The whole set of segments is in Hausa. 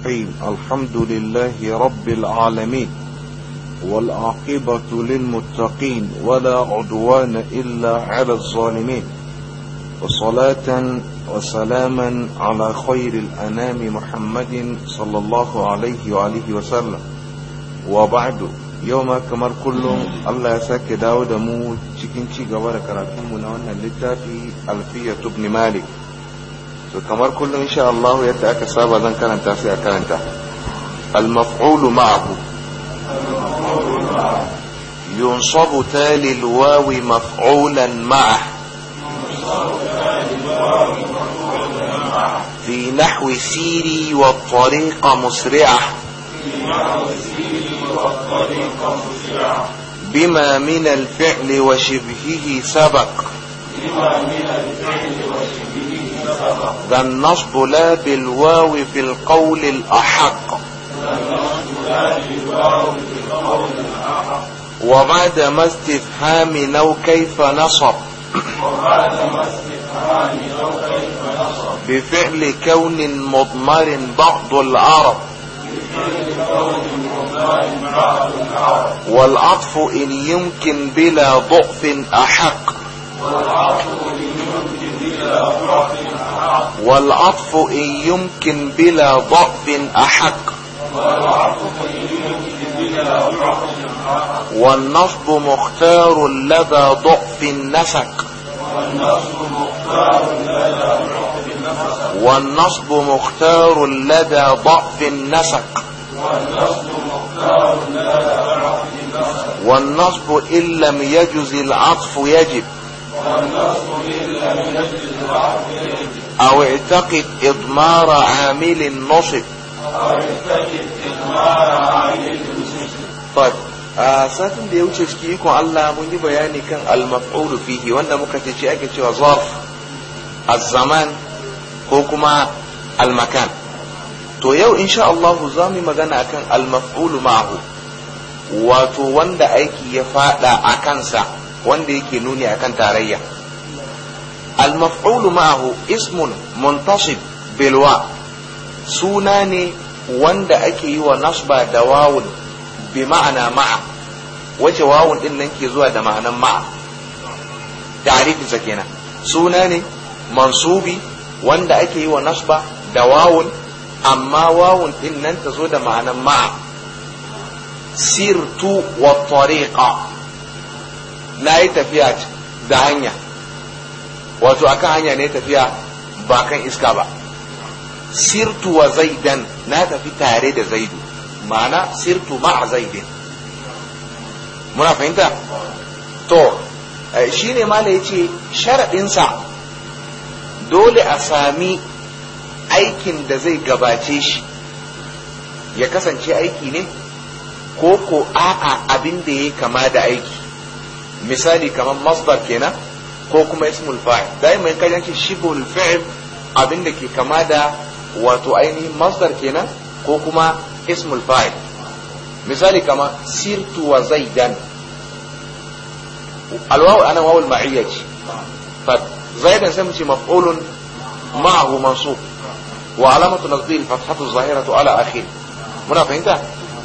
الرحيم الحمد لله رب العالمين والعاقبة للمتقين ولا عدوان إلا على الظالمين وصلاة وسلاما على خير الأنام محمد صلى الله عليه وآله وسلم وبعد يوم كمر كلهم الله يساك داود مو تشكين تشيغا وركراتهم ونوانا لتافي ألفية ابن مالك to kamar kullum insha Allah yadda aka saba zan karanta sai a karanta al-maf'ulu ma'ahu ينصب تال الواو مفعولا معه في نحو سيري والطريق مسرعة بما من الفعل وشبهه سبق بما من الفعل ذا النصب لا بالواو في القول الأحق وبعد ما استفهام لو كيف نصب بفعل كون مضمر بعض العرب والعطف إن يمكن بلا ضعف أحق والعطف إن يمكن بلا ضعف والعطف إن يمكن بلا ضعف أحق والنصب مختار لدى ضعف النسك والنصب مختار لدى ضعف النسك والنصب إن لم يجز العطف يجب والنصب إن لم يجز العطف يجب أو اعتقد إضمار عامل نصب أو اعتقد إضمار عامل نصب طيب a satin da ya wuce ciki ikon Allah mun yi bayani kan al-maf'ul fihi wanda muka ce shi ake cewa zarf az-zaman ko kuma al-makan to yau insha Allah za mu magana akan al-maf'ul ma'hu wato wanda aiki ya fada a kansa wanda yake nuni akan tarayya المفعول معه اسم منتصب بالواو سوناني وند أكي ونصب دواو بمعنى مع wace wawun din nan ke zuwa da ma'anan ma'a ta'arifinsa kenan suna ne mansubi wanda ake yiwa nasba da wawun amma wawun din nan ta zo da ma'anan ma'a sirtu wa tariqa na yi tafiya da hanya wato akan hanya ne tafiya ba kan iska ba sirtu wa zaidan na tafi tare da zaidu ma'ana sirtu ma'a zaidin muna fahimta to eh, shi ne mala ya ce sharaɗinsa dole a sami aikin da zai gabace shi ya kasance aiki ne ko ko a'a abin da ya kama da aiki misali kamar masdar kenan ko kuma ismul fa'il daima mai kaji an ce shibul fi'il abin da ke kama da wato ainihin masdar kenan ko kuma ismul fa'il misali kama sirtu wa zaidan alwawu ana wawul ma'iyya ce fa zaidan sai mu ce maf'ulun ma'ahu mansub wa alamatu nasdil fathatu zahiratu ala akhir muna fahimta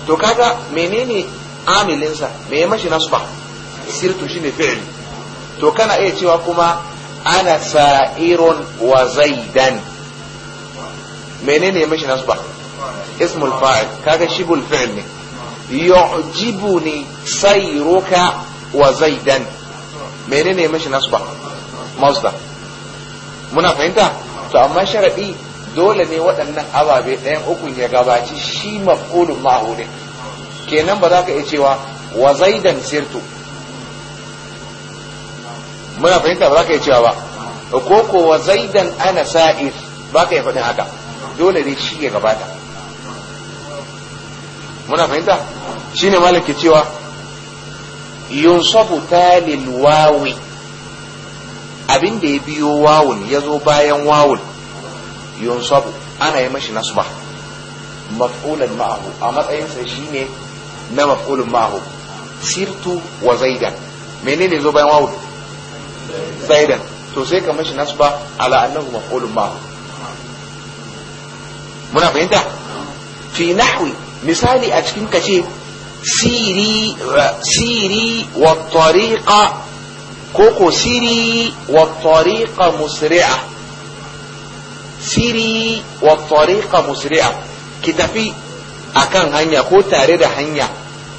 to kaga menene amilinsa me ya mashi nasba sirtu shine fi'li to kana iya cewa kuma ana sa'irun wa zaidan menene ya mashi nasba ismul fa'il kaga shibul fi'il ne yu'jibuni sayruka wa zaidan menene ya mashi nasba Mazda. muna fahimta to amma sharadi dole ne waɗannan ababe ɗayan ukun ya gabaci shi maf'ulun ma'hu ne kenan ba za ka iya cewa wa zaidan sirtu muna fahimta ba za ka yi cewa ba ko ko wa zaidan ana sa'ir ba ka yi faɗin haka dole ne shi ya gabata muna fahimta shi ne malaki cewa yunsabu talil wawi abin ya biyo wawul ya zo bayan wawul yunsabu ana yi mashi nasba maf'ulan ma'ahu a matsayinsa shi ne na maf'ulun ma'ahu sirtu wa zaidan menene zo bayan wawul. zaidan to sai ka mashi nasba ala annahu maf'ulun ma muna fahimta fi nahwi misali a cikin kace siri eh, siri wa tariqa koko siri wa tariqa musri'a siri wa tariqa musri'a ki tafi akan hanya ko tare da hanya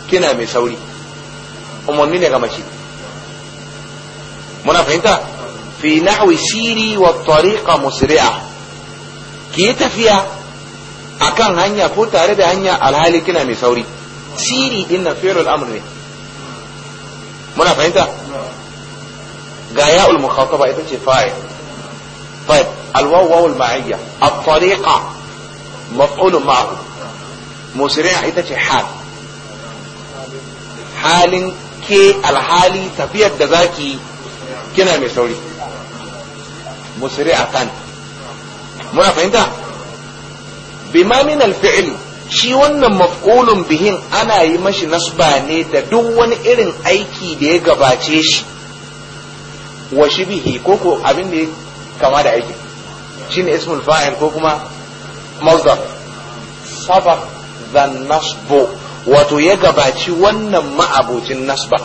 kina mai sauri umarni ne ga mace منا انت في نحو سيري والطريقه مسرعه كيتا فيها اكان هانيا كوتا ربي هانيا الهالي كنا مسوري سيري ان فعل الامر ني منا فهمت غايا المخاطبه ايضا فاعل طيب الواو واو المعيه الطريقه مفعول معه مسرع ايضا حال حال كي الحالي تفيد ذاكي kina mai sauri musri kan. muna fahimta bima min shi wannan maf'ulun bihin ana yi mashi nasba ne da duk wani irin aiki da ya gabace shi wa bihi ko ko abin da ya kama da aiki shine ismul fa'il ko kuma mazdar sabab da nasbo wato ya gabaci wannan ma'abocin nasba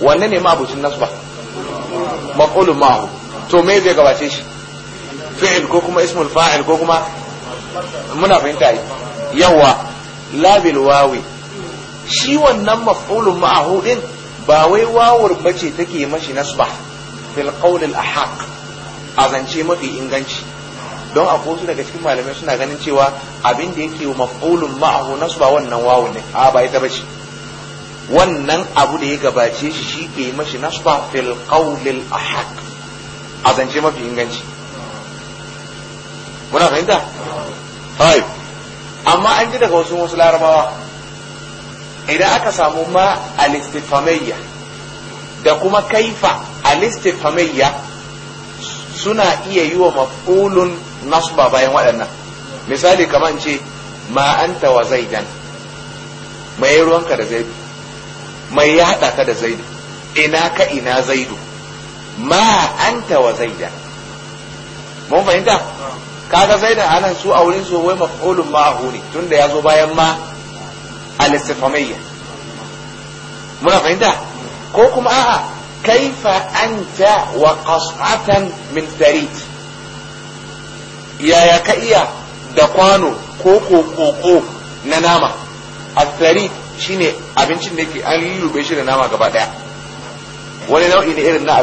wanne ne ma'abocin nasba maf'ulun ma'ahu to me zai gabace shi fi'il ko kuma ismul fa'il ko kuma muna fahimta yi yawa labil wawi shi wannan maf'ulun ma'ahu din ba wai wawur bace take mashi nasba fil qawl al ahaq a zance mafi inganci don a wasu daga cikin malamai suna ganin cewa abin da yake maf'ulun ma'ahu nasba wannan wawu ne a ba ita bace wannan abu da ya gabace shi shi ke mashi nasba fil qawlil ahaq a zance mafi inganci muna fahimta Hai. amma an ji daga wasu wasu larabawa idan aka samu ma alistifamayya, da kuma kaifa alistifamayya suna iya yi wa maf'ulun nasba bayan waɗannan misali kamar ce ma anta wa zaidan mai ruwanka da zaidu mai ya haɗa ka da zaidu ina ka ina zaidu ma anta wa zaida mun fahimta kaga zaidan anan su a wurin su wai maf'ulun ma ne tunda ya zo bayan ma al muna fahimta ko kuma a'a kaifa anta wa qas'atan min tarit yaya ka iya da kwano ko ko na nama a tarit shine abincin da yake an lullube shi da nama gaba daya wani nau'i ne irin na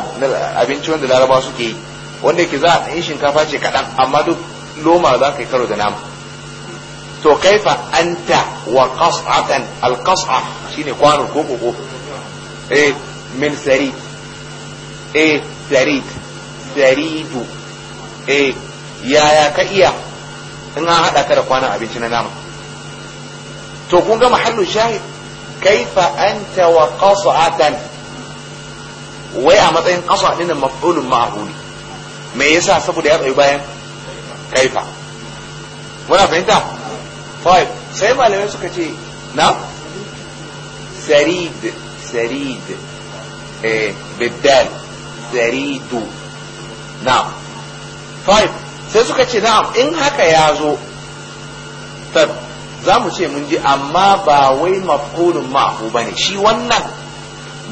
abinci wanda laraba suke yi wanda yake za a ɗan shinkafa ce kaɗan amma duk loma za ka yi karo da nama to kaifa anta wa qas'atan al qas'a shine kwano ko koko eh min sarid eh sarid saridu eh yaya ka iya in an haɗa ka da kwanan abinci na nama to kun ga mahallu shahid kaifa anta wa qas'atan wai a matsayin qasa dinan maf'ulun ma'ahu ne me yasa saboda ya tsayi bayan kaifa muna fahimta five sai malamai suka ce na sarid sarid eh biddal saridu na five sai suka ce na'am in haka ya zo za mu ce mun ji amma ba wai maf'ulun ba bane shi wannan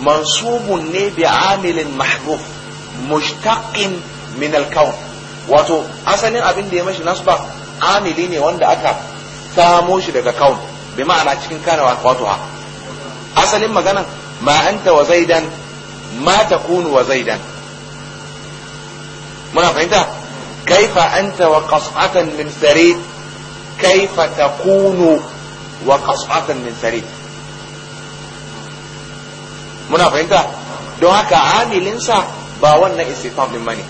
mansubun ne bi amilin mahbub mushtaqin min al-kawn wato asalin abin da ya mashi nasba amili ne wanda aka samo shi daga kawun. bi ma'ana cikin kana wato ha asalin maganan ma anta wa zaidan ma takunu wa zaidan muna fahimta kaifa anta wa qas'atan min sarid كيف تكون وقصعة من سرير muna fahimta don haka amilinsa ba wannan istifam din mani,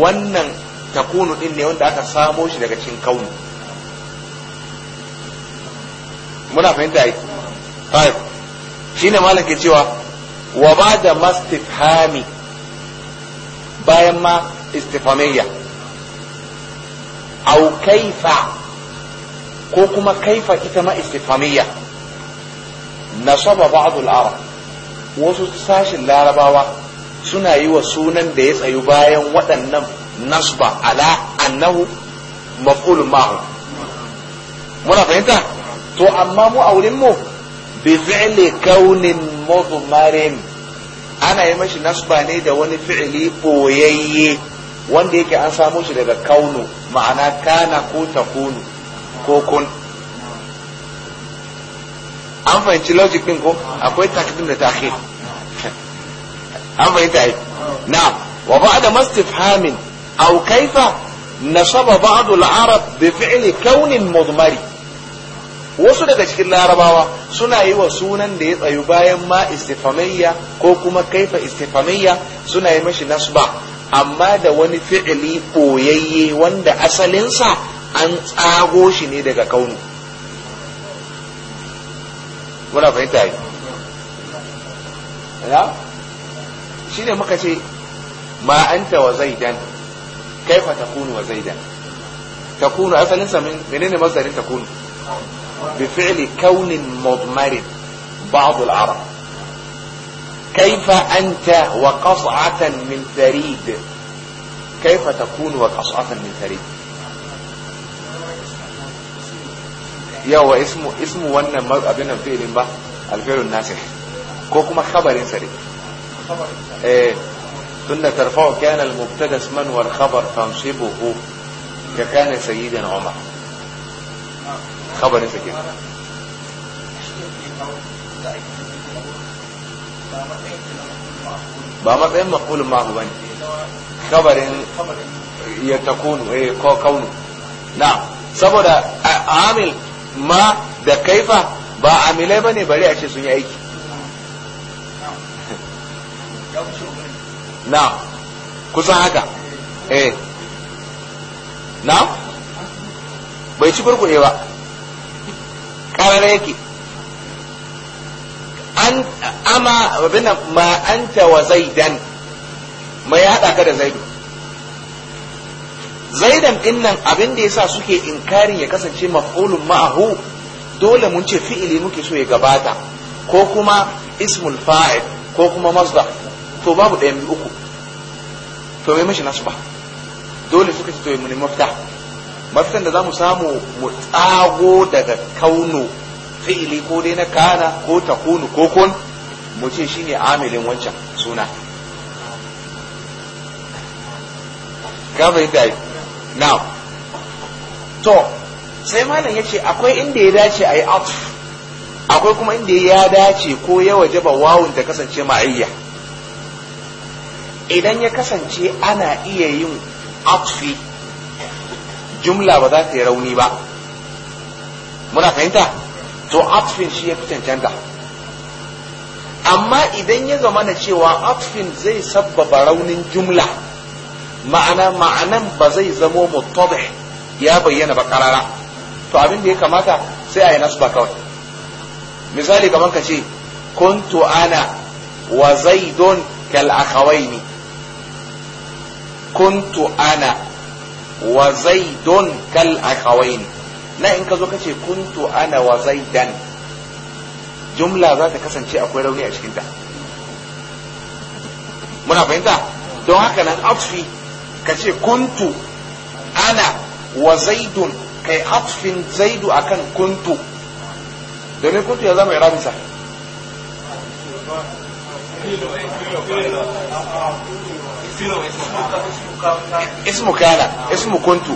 wannan takunu din ne wanda aka samo shi daga cikin kauni muna fahimta ai طيب shine malam ke cewa wa ba da mastifhami bayan ma istifamiyya au kaifa ko kuma kaifa ita ma istifamiya nasaba ba'd al-arab wasu sashin larabawa suna yi wa sunan da ya tsayu bayan waɗannan nasba ala annahu maf'ulun muna fahimta to amma mu aurin mu bi fi'li kaunin mudmarin ana yi mashi nasba ne da wani fi'li boyayye wanda yake an samo shi daga kaunu ma'ana kana ko takunu ko kun an fahimci logic din ko akwai takdim da takhir an fahimta ai na'am wa ba'da mastifhamin aw kaifa nasaba ba'd al-arab bi fi'li kaunin mudmari wasu daga cikin larabawa suna yi wa sunan da ya tsayu bayan ma istifamiyya ko kuma kaifa istifamiyya suna yi mashi nasba amma da wani fi'ili ɓoyayye wanda asalinsa an tsago shi ne daga kaunu muna fahimta yi ya shi ne muka ce ma anta wa zaidan kaifa kunu wa zaidan kunu asalin sa menene ta kunu bi fi'li kaunin mudmarin ba'd al-arab كيف أنت وقصعة من ثريد كيف wa وقصعة min ثريد yawa ismu ismu wannan abin nan fi'ilin ba alfi'lun nasih ko kuma khabarin sa eh tunda tarfa'u kana al-mubtada isman wal khabar tansibuhu ka kana sayyidan umar khabarin sa kenan ba matsayin maqulun ma huwa ne khabarin ya takunu eh ko kaunu na saboda amil ma da kaifa ba amilai bane bari a ce sun yi aiki na kusan haka eh na bai ci kurkuɗe ba ƙarar yake an ama abinda ma anta wa zaidan mai haɗa ka da zaidu zaidan din nan abin da yasa suke inkarin ya kasance maf'ulun ma'ahu dole mun ce fi'ili muke so ya gabata ko kuma ismul fa'il ko kuma masdar to babu ɗayan biyu uku to mai mashi nasu ba dole suka ce to mun mafta mafita mafitan da zamu samu mu tsago daga kaunu fi'ili ko dai na kana ko takunu ko kun mu ce shine amilin wancan suna ka bai now to sai malam yace akwai inda ya dace a yi atf akwai kuma inda ya dace ko ya wajaba wawun ta kasance ma'ayya idan ya kasance ana iya yin atfi jumla ba za ta yi rauni ba muna fahimta to atfin shi ya fi cancanta amma idan ya zama na cewa atfin zai sabbaba raunin jumla ma'ana ma'anan ba zai zamo mutabih ya bayyana ba karara to abin da ya kamata sai a yi nasu ba kawai misali kamar ka ce kuntu ana wa zaidun kal akhawaini kuntu ana wa zaidun kal akhawaini na in ka zo ka ce kuntu ana wa zaidan jumla za ta kasance akwai rauni a cikinta muna fahimta don haka nan outfit kace kuntu ana wa zaidun kai atfin zaidu akan kuntu domin kuntu ya zama irabinsa ismu kana ismu kuntu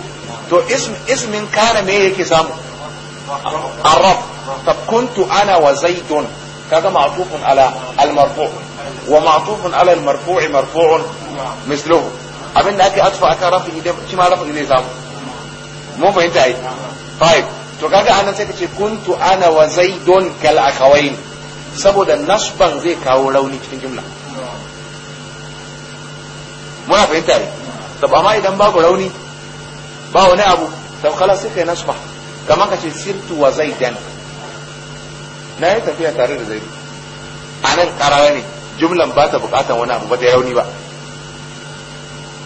to ismin kana me yake samu arab tab kuntu ana wa zaidun kaga ma'tufun ala al-marfu' ومعطوف على المرفوع مرفوع مثله abin da aka yi atfa akan rafi idan shi ma rafi zai samu mun fahimta ai five to kaga anan sai ka ce kuntu ana wa zaidun kal akawain saboda nasban zai kawo rauni cikin jumla muna fahimta ai to amma idan babu rauni ba wani abu to kala sai kai nasba kamar ka ce sirtu wa zaidan na yi tafiya tare da A anan karara ne jumlan ba ta bukatan wani abu ba ta rauni ba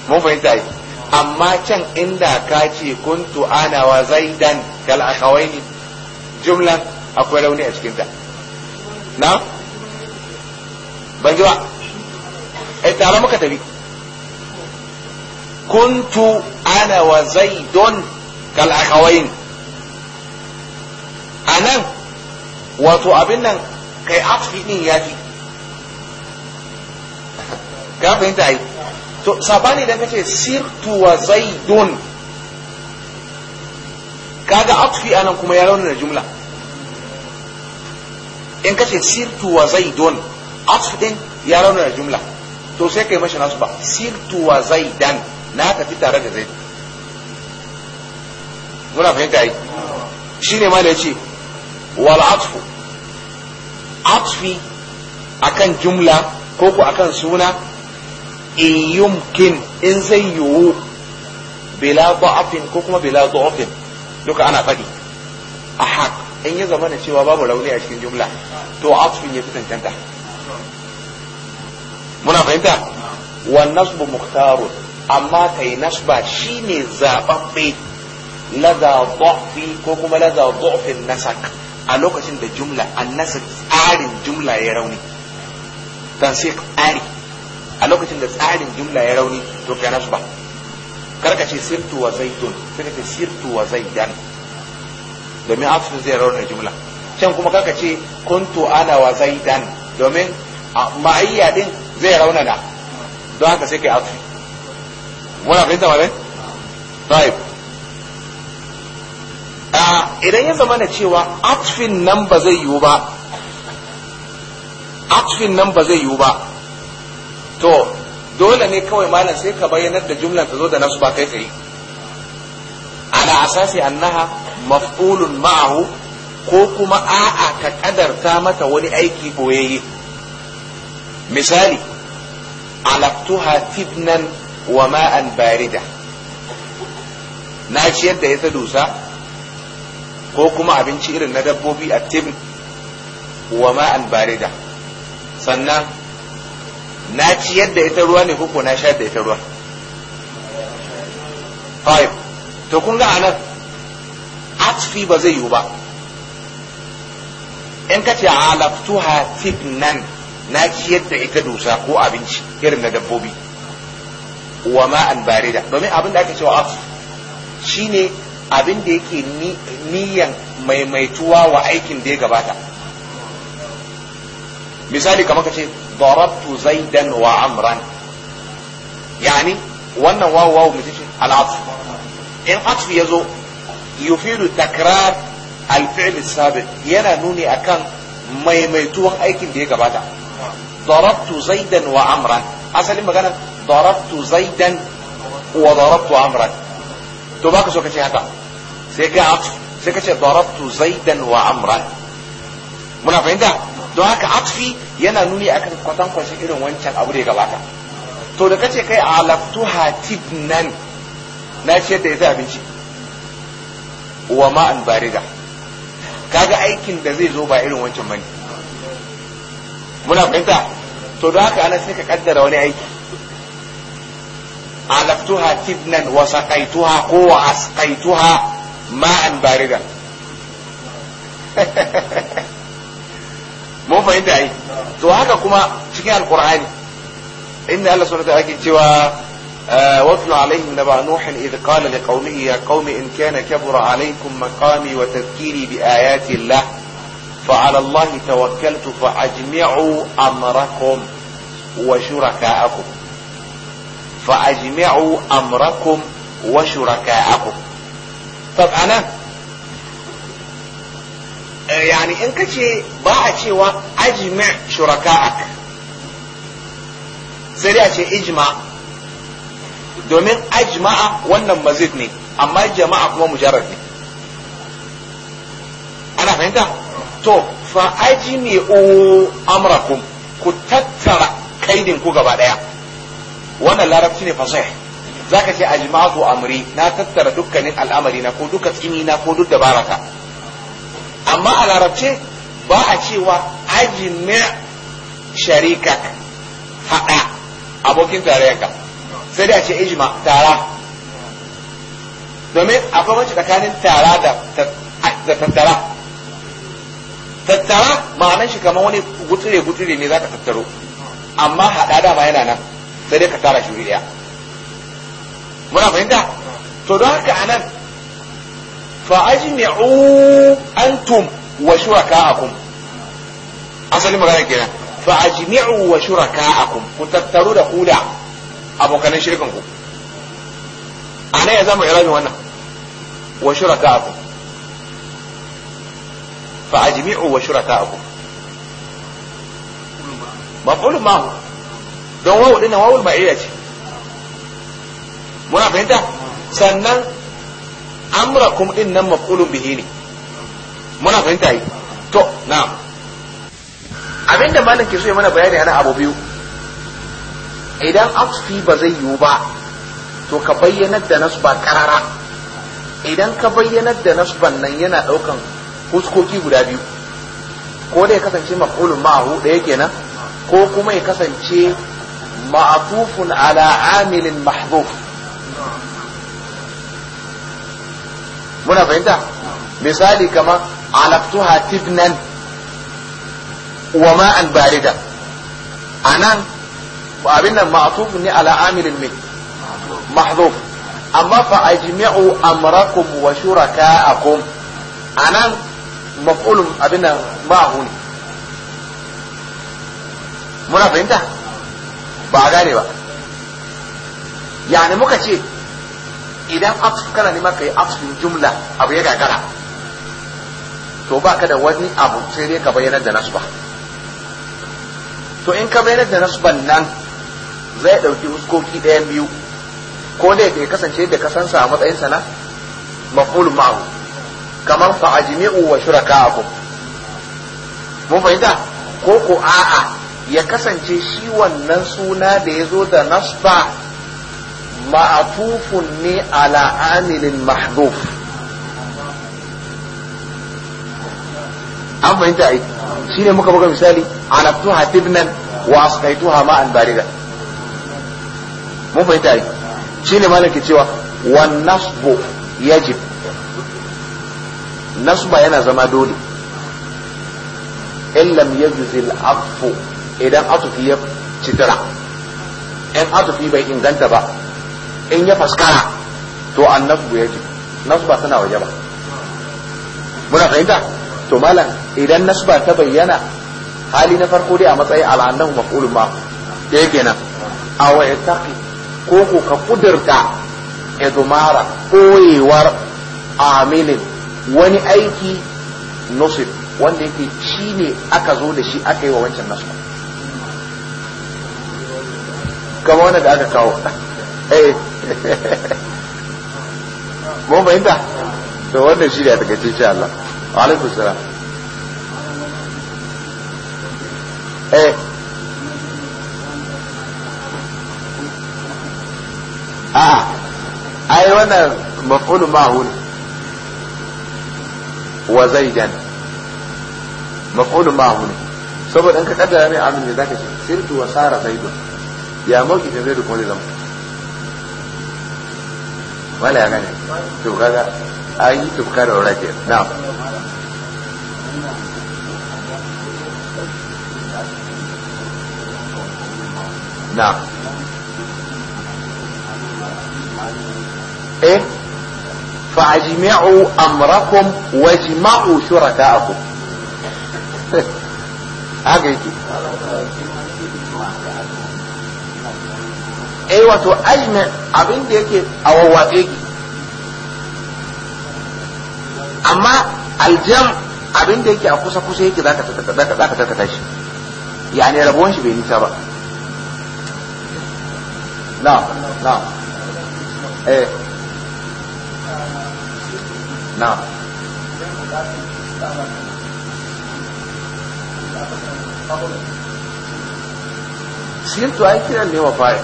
mun fahimta yi amma can inda ka ce kuntu ana wa zaidan kal akawaini jumlan akwai rauni a cikinta na ban ji ba ai eh, tare muka tafi kuntu ana wa zaidun kal a anan wato abin nan kai afi din ya fi ka fahimta yi to sabani da kace sirtu wa zaidun kaga atfi anan kuma ya raunana jumla in kace sirtu wa zaidun atfi din ya raunana jumla to sai kai mashi nasu ba sirtu wa zaidan na tafi tare da zaid muna fahimta yi shine ma da yace wal atfu atfi akan jumla ko ko akan suna in yumkin in zai yiwu bila da'afin ko kuma bila da'afin duka ana faɗi a haƙ in ya zama na cewa babu rauni a cikin jumla to atfin ya fi cancanta muna fahimta wa nasbu muktarun amma kai nasba shine zababbe laza dhafi ko kuma laza dhafin nasak a lokacin da jumla annasak tsarin jumla ya rauni tansik ari a lokacin da tsarin jumla ya rauni to kai nasu ba karka ce sirtu wa zaitun sai ka sirtu wa zaidan domin afsun zai rauni jumla can kuma karka ce kuntu ana wa zaidan domin ma'ayya din zai rauna na don haka sai kai afsun muna fahimta ba ne? Taib. Idan ya zama na cewa atfin nan ba zai yiwu ba, atfin nan ba zai yiwu ba, to dole ne kawai malam sai ka bayyanar da jumlar ta zo da nasu ba kai tsaye ala asasi annaha maf'ulun ma'ahu ko kuma a'a ka kadarta mata wani aiki boyayye misali alaftuha tibnan wa ma'an barida na ciyar da ita dusa ko kuma abinci irin na dabbobi a tibn wa ma'an barida sannan na ciyar da ita ruwa ne koko na shayar da ita ruwa five to kun ga anan atfi ba zai yiwu ba in ka ce alaftuha tibnan na ciyar da ita dusa ko abinci irin na dabbobi wa ma ma'an barida domin abin da aka cewa atf shine abin da yake niyan maimaituwa wa aikin da ya gabata misali kamar ka ce ضربت زيدا وعمرا يعني وانا واو واو متش العطف ان عطف يزو يفيد تكرار الفعل السابق ينا نوني اكن maimaituwan aikin da ya gabata darabtu zaidan wa amran asalin magana darabtu zaidan wa darabtu amran to baka so kace haka sai ka sai kace darabtu zaidan wa amran muna fahimta don haka atfi yana nuni akan kwatankwashin irin wancan abu da ya gabata to da kace kai hatib nan na ce da zai abinci wa ma'an bariga kaga aikin da zai zo ba irin wancan bane muna fahimta to don haka ana sai ka kaddara wani aiki hatib tibnan wa saqaituha ko wa asqaituha ma'an bariga. mun fahimta ai to haka kuma cikin alqur'ani inda Allah subhanahu wa ta'ala yake cewa واتل عليهم نبع نوح إذ قال لقومه يا قوم إن كان كبر عليكم مقامي وتذكيري بآيات الله فعلى الله توكلت فأجمعوا أمركم وشركاءكم فأجمعوا أمركم وشركاءكم طب أنا yani in kace ba a cewa ajma shuraka'ak sai a ce ijma domin ajma'a wannan mazid ne amma jama'a kuma mujarrad ne ana fahimta to fa ajmi'u amrakum ku tattara kaidin ku gaba daya wannan larabci ne fasai zaka ce ajma'atu amri na tattara dukkanin al'amari na ko duka tsini na ko duk dabarata amma a larabce ba a cewa na sharikak haɗa abokin tarayyanka sai dai a ce ijima tara domin akwai wacce tsakanin tara da tattara tattara ma'anar shi kamar wani gutsure-gutsure ne za ka tattaro amma haɗa dama yana nan sai dai ka tara shi muna fahimta to don haka anan fa'ajmi'u antum wa shuraka'akum asalin magana kenan fa'ajmi'u wa shuraka'akum ku tattaru da ku da abokanan shirkan ku ana ya zama irabin wannan wa shuraka'akum fa'ajmi'u wa shuraka'akum mafulu mahu don wawu dinnan wawul ma'ira ce muna fahimta sannan amrakum din nan maf'ulun bihi ne muna fahimta yi to na. abinda malam ke so ya mana bayani ana abu biyu idan asfi ba zai yiwu ba to ka bayyanar da nasu ba karara idan ka bayyanar da nasu nan yana daukan huskoki guda biyu ko da ya kasance maf'ulun ma'ahu ɗaya kenan ko kuma ya kasance ma'atufun ala amilin muna fahimta misali kamar alaktuha tibnan wa ma'an barida anan abin nan ma'tuf ne ala amilin min mahdhuf amma fa a ajmi'u amrakum wa shuraka'akum anan maf'ulun abin nan ma'hu ne muna fahimta ba a gane ba yani muka ce idan atsu kana nema ka yi atsun jumla abu ya gagara to ba ka da wani abu sai dai ka bayyanar da nasba to in ka bayyanar da nasban nan zai ɗauki huskoki ɗayan biyu ko dai bai kasance da kasansa a matsayin sana maful ma'u kamar fa ajmi'u wa shuraka'akum mun fahimta ko ko a'a ya kasance shi wannan suna da ya zo da nasba ma'atufun ne ala amilin mahduf an fahimta ai shine muka buga misali anabtuha tibnan wa asqaituha ma'an barida mun fahimta ai shine malaki cewa wan nasbu yajib nasba yana zama dole in lam yajuz al afu idan atufi ya citira in atufi bai inganta ba in ya faskara to an nasbu yake ba tana waje ba muna fahimta to malam idan nasba ta bayyana hali na farko dai a matsayin al'annahu maf'ulun ma da yake nan a waye yataqi ko ko ka kudurta idmara koyewar aminin wani aiki nusif wanda yake shi ne aka zo da shi aka yi wa wancan nasu kama wanda da aka kawo eh, mun fahimta to wannan shi ne a takaice insha Allah wa alaikum salam eh a ah. ai wannan maf'ul ma'hul wa zaidan maf'ul ma'hul saboda in ka kaddara mai amin ne zaka ce sirtu wa sara zaidun ya mauki da zaidu kuma zai zama ولا نهي شوف أي تذكر رجل نعم نعم ايه فاجمعوا امركم واجمعوا شركاءكم حاجه eh wato aimin abin da yake a wawwatse ki amma aljam abin da yake a kusa kusa yake za ka tarkata shi yani rabuwan shi bai nisa ba na na eh na Sinto aí que ele é meu pai.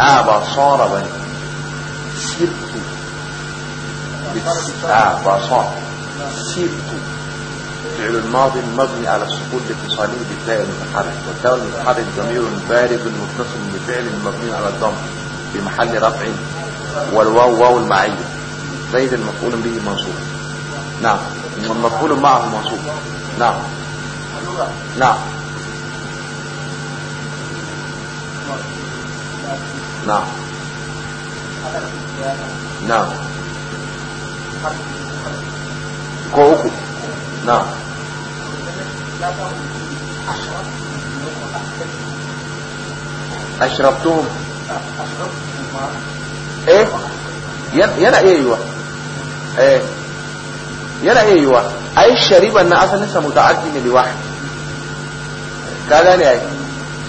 أبصار بني سرت أبصار سرت فعل الماضي المبني على السكون لاتصاله بالتاء المتحرك والتاء المتحرك ضمير بارد متصل بفعل مبني على الضم في محل رفع والواو واو المعية زيد المفعول به منصوب نعم المفعول معه منصوب نعم نعم نعم نعم كوكو نعم اشربتهم ايه يلا إيه ايوه ايه يلا إيه ايوه اي شريب ان اصلا لسه متعدي لواحد كذا يعني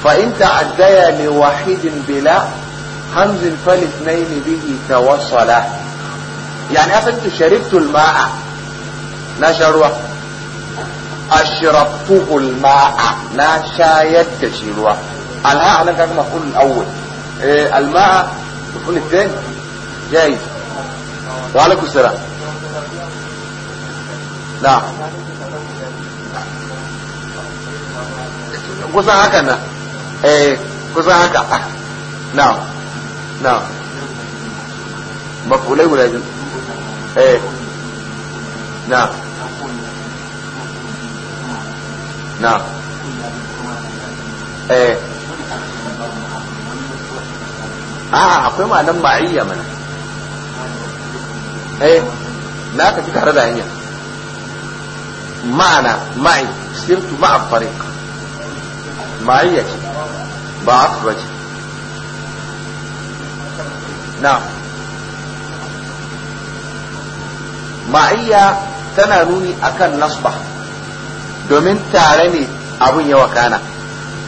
فان تعدي لواحد بلا همز فالاثنين به توصل يعني أصلا أنت شربت الماء لا شروة أشربته الماء لا شايدت شروة الهاء على كان أقول الأول إيه الماء مفعول الثاني جايز وعليكم السلام نعم kusan هكذا na إيه، هكذا نعم na mafulai guda biyu eh na na eh a ah, akwai malam ma'iyya mana eh na tafi tare da hanya ma'ana ma'i sirtu ma'a fariq ma'iyya ce ba a ce na ma'ayya tana nuni akan nasba domin tare ne abun ya wakana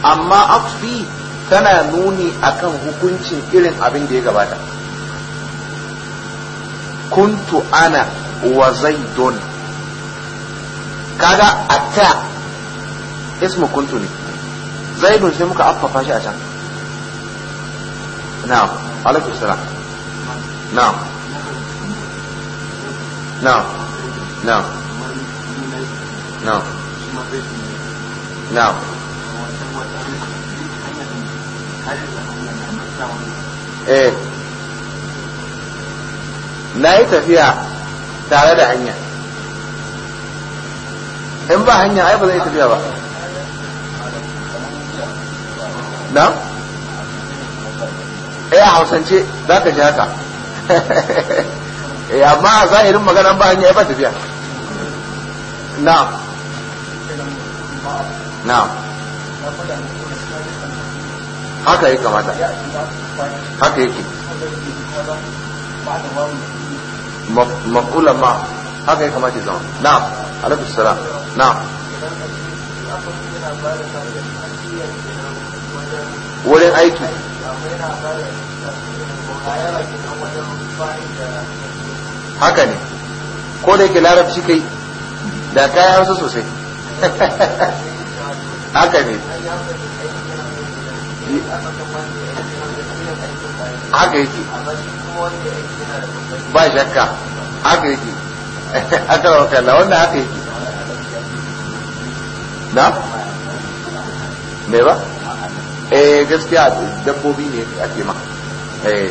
amma afi tana nuni akan hukuncin irin abin da ya gabata kuntu ana wa zaidun kaga atta ismu kuntu ne zaidun sai muka affafa shi a can na alaikum na'am na'am na'am na'am na'am eh. na yi tafiya tare da hanya in ba hanya ai ba zai tafiya ba na? eh a hausance za ka ji haka Eh, amma a zahirin magana ba hanya ya ba tafiya na na haka yi kamata haka yake maf'ulan ma haka ya kamata zama na alaikus sara na wurin aiki haka ne ko da yake larabci kai da kayan hausa sosai haka ne haka yake ba shakka haka yake haka wa kalla wannan haka yake na? me ba? eh gaskiya dabbobi ne ake ma eh